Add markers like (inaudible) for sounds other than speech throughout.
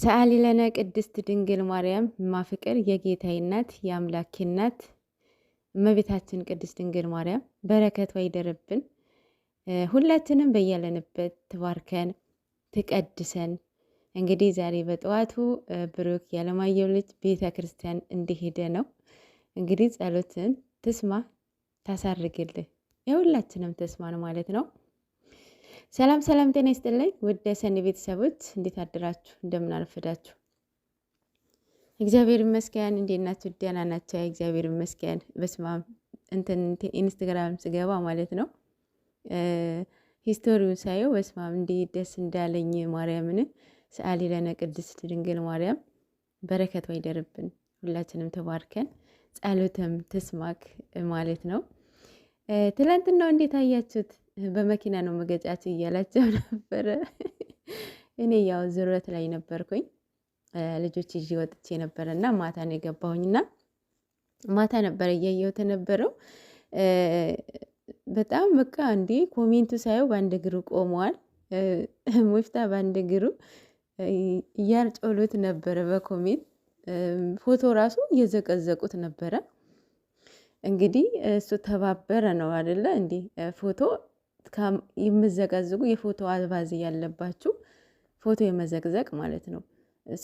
ሰአሊ ለነ ቅድስት ድንግል ማርያም ማፍቅር የጌታዬ እናት የአምላኬ እናት እመቤታችን ቅድስት ድንግል ማርያም በረከት ይደርብን። ሁላችንም በያለንበት ትባርከን ትቀድሰን። እንግዲህ ዛሬ በጠዋቱ ብሩክ ያለማየሁ ልጅ ቤተ ክርስቲያን እንደሄደ ነው። እንግዲህ ጸሎትን ትስማ ታሳርግልህ የሁላችንም ተስማን ማለት ነው። ሰላም ሰላም፣ ጤና ይስጥልኝ ውድ የሰኒ ቤተሰቦች እንዴት አድራችሁ? እንደምን አረፈዳችሁ? እግዚአብሔር ይመስገን። እንዴት ናችሁ? ደህና ናቸው። እግዚአብሔር ይመስገን። በስመ አብ እንትን ኢንስትግራም ስገባ ማለት ነው ሂስቶሪውን ሳየው በስመ አብ ደስ እንዳለኝ ማርያምን ሰአሊ ለነ ቅድስት ድንግል ማርያም በረከት ይደርብን ሁላችንም ተባርከን ጸሎተም ትስማክ ማለት ነው። ትላንትናው እንዴት አያችሁት? በመኪና ነው መገጫት እያላቸው (laughs) ነበረ። እኔ ያው ዝረት ላይ ነበርኩኝ ልጆች ይዤ ወጥቼ ነበረ እና ማታ ነው የገባሁኝና ማታ ነበረ እያየው ተነበረው በጣም በቃ እንዲ ኮሜንቱ ሳየው በአንድ እግሩ ቆመዋል። ሙፍታ በአንድ እግሩ እያርጮሉት ነበረ። በኮሜንት ፎቶ ራሱ እየዘቀዘቁት ነበረ። እንግዲህ እሱ ተባበረ ነው አደለ እንዲህ ፎቶ የምዘጋዝጉ የፎቶ አልባዚ ያለባችሁ ፎቶ የመዘግዘግ ማለት ነው።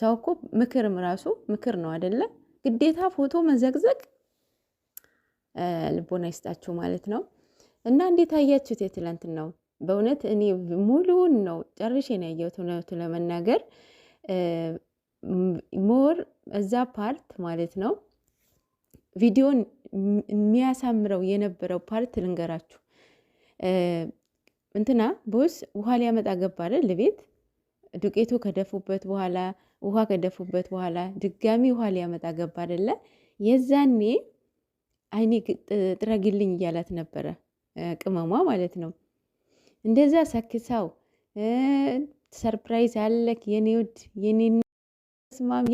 ሰው እኮ ምክርም ራሱ ምክር ነው አደለ? ግዴታ ፎቶ መዘግዘግ ልቦና ይስጣችሁ ማለት ነው። እና እንዴት አያችሁት? የትላንት ነው በእውነት እኔ ሙሉውን ነው ጨርሼ ነው ያየሁት። እውነቱ ለመናገር ሞር እዛ ፓርት ማለት ነው ቪዲዮን የሚያሳምረው የነበረው ፓርት ልንገራችሁ። እንትና ቦስ ውሃ ሊያመጣ ገባ አይደል ቤት ዱቄቱ ከደፉበት በኋላ ውሃ ከደፉበት በኋላ ድጋሚ ውሃ ሊያመጣ ገባ አይደለ? የዛኔ አይኔ ጥረግልኝ እያላት ነበረ፣ ቅመሟ ማለት ነው። እንደዛ ሰክሳው ሰርፕራይዝ አለክ የኔ ውድ የኔ ስማም፣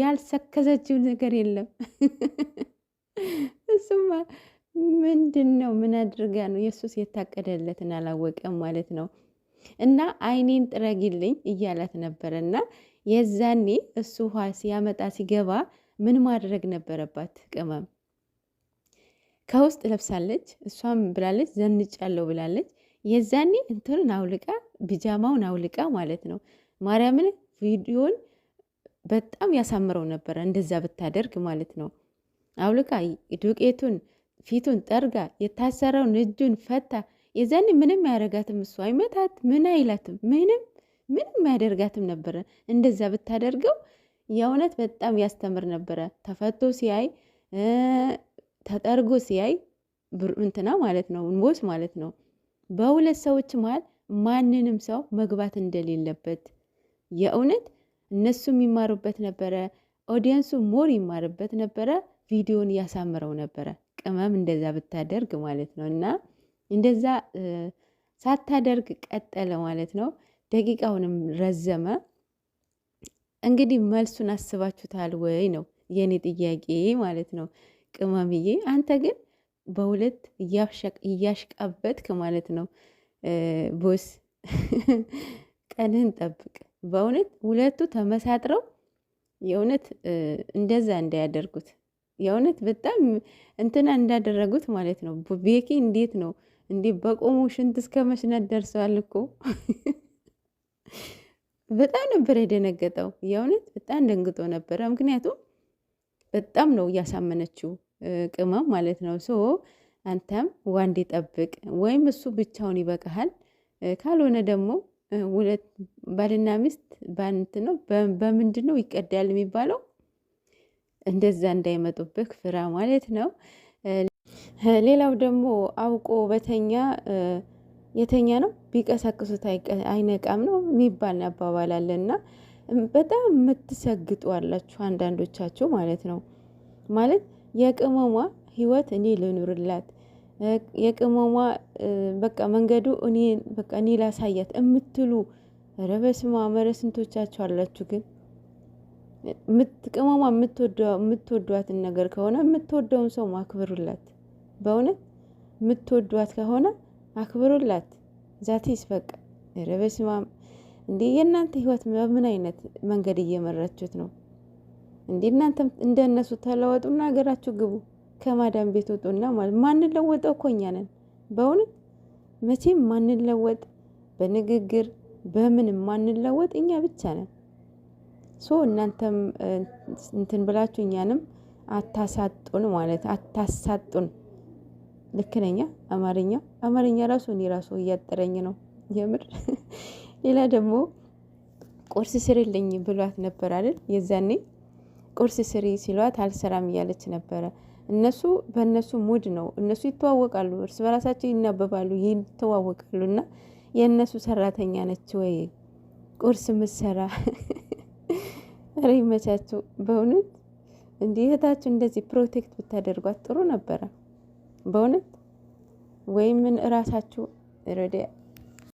ነገር የለም (laughs) እሱማ ምንድን ነው? ምን አድርጋ ነው? ኢየሱስ የታቀደለትን አላወቀም ማለት ነው። እና አይኔን ጥረግልኝ እያላት ነበረ። እና የዛኔ እሱ ውሃ ሲያመጣ ሲገባ ምን ማድረግ ነበረባት? ቅመም ከውስጥ ለብሳለች፣ እሷም ብላለች፣ ዘንጫለሁ ብላለች። የዛኔ እንትንን አውልቃ ቢጃማውን አውልቃ ማለት ነው። ማርያምን ቪዲዮን በጣም ያሳምረው ነበረ እንደዛ ብታደርግ ማለት ነው። አውልቃ ዱቄቱን ፊቱን ጠርጋ የታሰረውን እጁን ፈታ። የዛኔ ምንም አያደርጋትም፣ እሱ አይመታት፣ ምን አይላትም፣ ምንም ምንም ያደርጋትም ነበረ። እንደዛ ብታደርገው የእውነት በጣም ያስተምር ነበረ። ተፈቶ ሲያይ ተጠርጎ ሲያይ እንትና ማለት ነው ንቦስ ማለት ነው በሁለት ሰዎች መሀል ማንንም ሰው መግባት እንደሌለበት የእውነት እነሱ የሚማሩበት ነበረ። ኦዲየንሱ ሞር ይማርበት ነበረ። ቪዲዮን ያሳምረው ነበረ። ቅመም እንደዛ ብታደርግ ማለት ነው። እና እንደዛ ሳታደርግ ቀጠለ ማለት ነው። ደቂቃውንም ረዘመ። እንግዲህ መልሱን አስባችሁታል ወይ ነው የእኔ ጥያቄ ማለት ነው። ቅመምዬ አንተ ግን በሁለት እያሽቃበትክ ማለት ነው። ቦስ (laughs) ቀንህን ጠብቅ። በእውነት ሁለቱ ተመሳጥረው የእውነት እንደዛ እንዳያደርጉት የእውነት በጣም እንትና እንዳደረጉት ማለት ነው። ቤኪ እንዴት ነው እንዴ? በቆሙ ሽንት እስከ መሽናት ደርሰዋል እኮ በጣም ነበር የደነገጠው። የእውነት በጣም ደንግጦ ነበረ። ምክንያቱም በጣም ነው እያሳመነችው ቅመም ማለት ነው። ሶ አንተም ዋንድ ጠብቅ፣ ወይም እሱ ብቻውን ይበቃሃል። ካልሆነ ደግሞ ሁለት ባልና ሚስት ባንት ነው በምንድን ነው ይቀዳል የሚባለው እንደዛ እንዳይመጡብህ ፍራ ማለት ነው። ሌላው ደግሞ አውቆ በተኛ የተኛ ነው ቢቀሳቅሱት አይነቃም ነው የሚባል አባባል አለና በጣም የምትሰግጡ አላችሁ አንዳንዶቻችሁ ማለት ነው። ማለት የቅመሟ ህይወት እኔ ልኑርላት የቅመሟ በቃ መንገዱ እኔ በቃ እኔ ላሳያት እምትሉ ረበስማ በስመ አላችሁ ግን ቅመሟ የምትወዷትን ነገር ከሆነ የምትወደውን ሰው አክብሩላት። በእውነት የምትወዷት ከሆነ አክብሩላት። ዛቴስ በቃ ኧረ እንዴ! የእናንተ ህይወት በምን አይነት መንገድ እየመራችሁት ነው እንዴ? እናንተም እንደ እነሱ ተለወጡና ሀገራችሁ ግቡ። ከማዳም ቤት ውጡና ማለት ማንለወጠው እኮ እኛ ነን። በእውነት መቼም ማንለወጥ በንግግር በምን ማንለወጥ እኛ ብቻ ነን። ሶ እናንተም እንትን ብላችሁ እኛንም አታሳጡን ማለት አታሳጡን። ልክ ነኛ አማርኛ አማርኛ ራሱ እኔ ራሱ እያጠረኝ ነው የምር። (laughs) ሌላ ደግሞ ቁርስ ስሪልኝ ብሏት ነበር አይደል? የዛኔ ቁርስ ስሪ ሲሏት አልሰራም እያለች ነበረ። እነሱ በእነሱ ሙድ ነው እነሱ ይተዋወቃሉ፣ እርስ በራሳቸው ይናበባሉ፣ ይተዋወቃሉ። እና የእነሱ ሰራተኛ ነች ወይ ቁርስ ምሰራ (laughs) ኧረ ይመቻቸው በእውነት እንዲህ እህታችሁ እንደዚህ ፕሮቴክት ብታደርጓት ጥሩ ነበረ በእውነት ወይም ምን እራሳችሁ ረዲያ